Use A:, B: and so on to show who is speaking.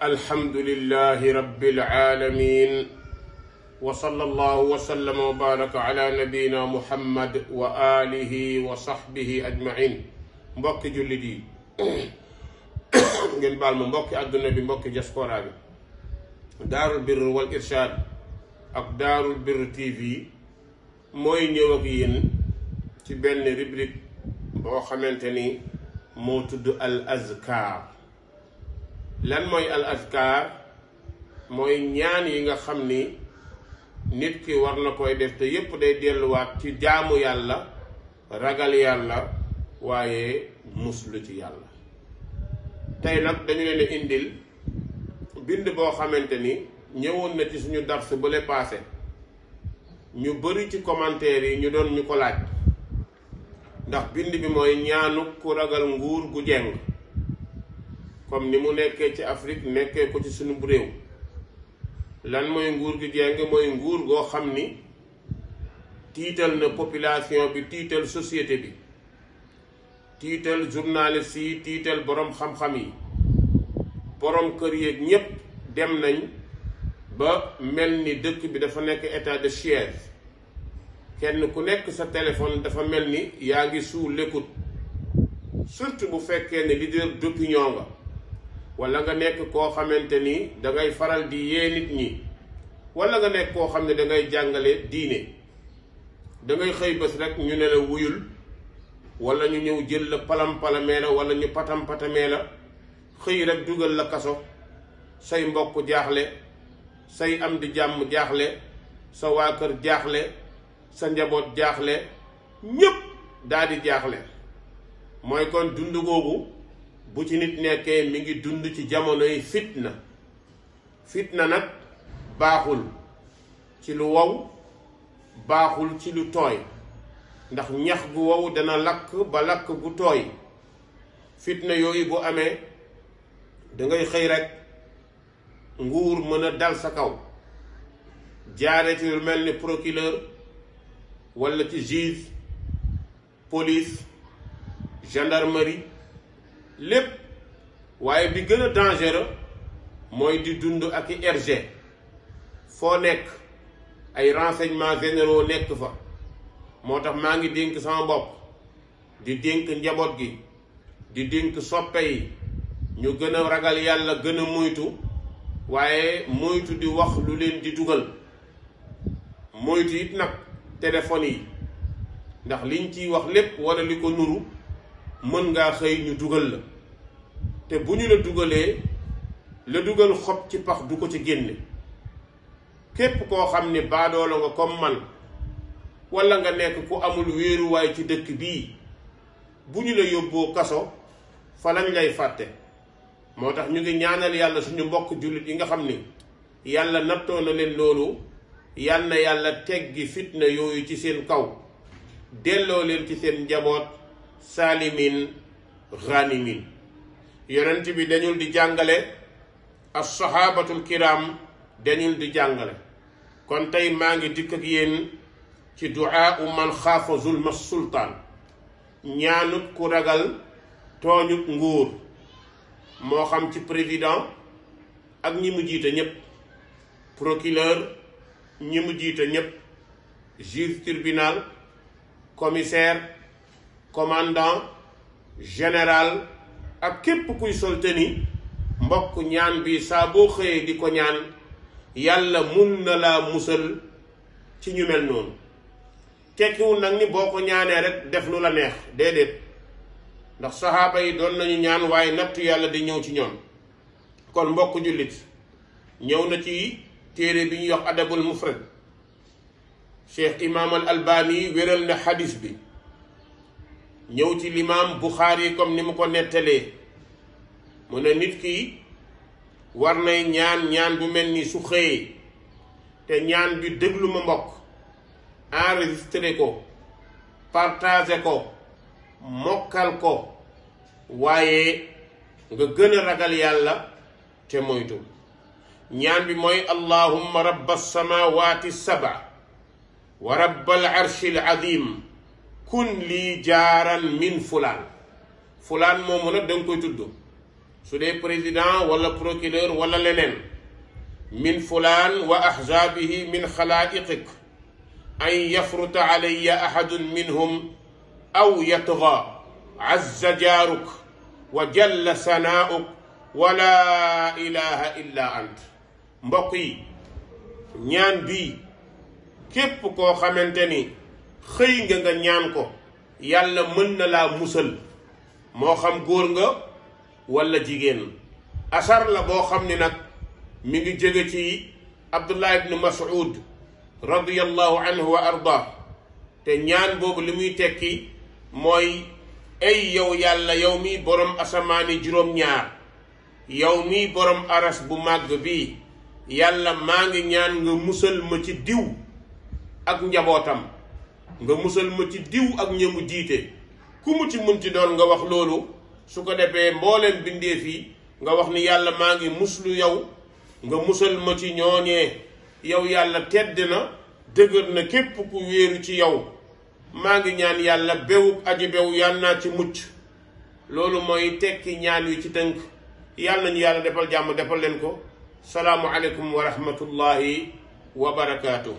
A: alhamdulillahi rabbil aalamiin wa sallallahu wa sallama wa baaraka ala nabiina muhammad wa aalihi wa sahbihi ajmain mbokki jullit yi ngeen baal ma mbokki àdduna bi mbokki diaspora bi daarul birr wal irshaad ak daarul birr tv mooy ñëw ak yéen ci benn rubrique boo xamante ni moo tudd al azkar lan mooy al azkar mooy ñaan yi nga xam ni nit ki war na koy def te yépp day delluwaat ci jaamu yàlla ragal yàlla waaye muslu ci yàlla tey nag dañu leen indil bind boo xamante ni ñëwoon na ci suñu dars bu le passé ñu bari ci komanteer yi ñu doon ñu ko laaj ndax bind bi mooy ñaanu ku ragal nguur gu jeng comme ni mu nekkee ci Afrique nekkee ko ci sunu réew lan mooy nguur gi jeng mooy nguur goo xam ni tiital na population bi tiital société bi tiital journaliste yi tiital boroom xam-xam yi boroom kër yeeg ñépp dem nañ ba mel ni dëkk bi dafa nekk état de siège kenn ku nekk sa téléphone dafa mel ni yaa ngi sous l'écoute surtout bu fekkee ne leader d'opinion nga wala nga nekk koo xamante ni dangay faral di yee nit ñi wala nga nekk koo xam ne dangay jàngale diine dangay xëy bés rek ñu ne la wuyul wala ñu ñëw jël la palam-palamee la wala ñu patam-patamee la xëy rek dugal la kaso say mbokk jaaxle say am di jàmm jaaxle sa waa kër jaaxle sa njaboot jaaxle ñépp daal di jaaxle mooy kon dund googu bu ci nit nekkee mi ngi dund ci jamonoy fitna fitna nag baaxul ci lu wow baaxul ci lu tooy ndax ñax gu wow dana lakk ba lakk gu tooy fitna yooyu bu amee dangay xëy rekk nguur mën a dal sa kaw jaare ci mel ni procureur walla ci juge police gendarmerie lépp waaye bi gën a dangereux mooy di dund ak i RG foo nekk ay renseignements généraux nekk fa moo tax maa ngi dénk sama bopp di dénk njaboot gi di dénk soppe yi ñu gën a ragal yàlla gën a moytu waaye moytu di wax lu leen di dugal moytu it nag téléphone yi ndax liñ ciy wax lépp wala li ko nuru mën ngaa xëy ñu dugal la te bu ñu la dugalee la dugal xob ci pax du ko ci génne képp koo xam ni baadoolo nga comme man walla nga nekk ku amul wéeruwaay ci dëkk bii bu ñu la yóbboo kaso fa lañ lay fàtte moo tax ñu ngi ñaanal yàlla suñu mbokk jullit yi nga xam ni yàlla nattoo na leen loolu yàlla na yàlla teggi fitna yooyu ci seen kaw delloo leen ci seen njaboot saalimin ghanimin yonent bi dañul di jàngale as sahabatul kiram dañul di jàngale kon tey maa ngi dikk ak yéen ci duaa u man xaafa zulma sultaan ñaanut ku ragal tooñut nguur moo xam ci président ak ñi mu jiite ñépp procureur ñi mu jiita ñépp juge tribunal commissaire commandant général ak képp kuy solte ni mbokk ñaan bi saa boo xëyee di ko ñaan yàlla mun na laa musal ci ñu mel noonu tekkiwul nag ni boo ko ñaanee rek def lu la neex déedéet ndax saxaaba yi doon nañu ñaan waaye nattu yàlla di ñëw ci ñoom kon mbokk jullit ñëw na ci téere bi ñuy wax adabul mufrad cheikh imaamal albaani wéral na xadis bi ñëw ci limaam Buxaari comme ni mu ko nettalee mu ne nit ki war nay ñaan ñaan bu mel ni su xëyee te ñaan bi déglu ma mbokk enregistré ko partagé ko mokkal ko waaye nga gëna a ragal yàlla te moytu ñaan bi mooy allahumma rabba samawati saba wa rabba al arshi al azim kun lii jaaran min fulaan fulaan moomu nag da nga koy tudd su dee président wala procureur wala leneen min fulaan wa ahzaabihi min xalaa'iqik an yafruta alayya ahadun minhum aw yatga azza jaaruk wa jalla sanaa'uk wala ilaha illa ant mbokk yi ñaan bii képp koo xamante ni xëy nga nga ñaan ko yàlla mën na laa musal moo xam góor nga walla jigéen asar la boo xam ni nag mu ngi jóge ci abdullah ibnu mas'ud radiyallahu anhu wa te ñaan boobu li muy tekki mooy ay yow yàlla yow mi borom asamaani juróom-ñaar yow mi borom aras bu màgg bi yàlla maa ngi ñaan nga musal ma ci diw ak njabootam nga musal ma ci diw ak ñëmu jiite ku mu ci mun ci doon nga wax loolu su ko defee mbooleem bindeef fii nga wax ni yàlla maa ngi muslu yow nga musal ma ci ñooñee yow yàlla tedd na dëgër na képp ku wéeru ci yow maa ngi ñaan yàlla bewug aji bew yàlla naa ci mucc loolu mooy tekki ñaan wi ci tënk yàlla nañu yàlla defal jàmm defal leen ko salaamu aleykum wa rahmatullahi wa barakaatu.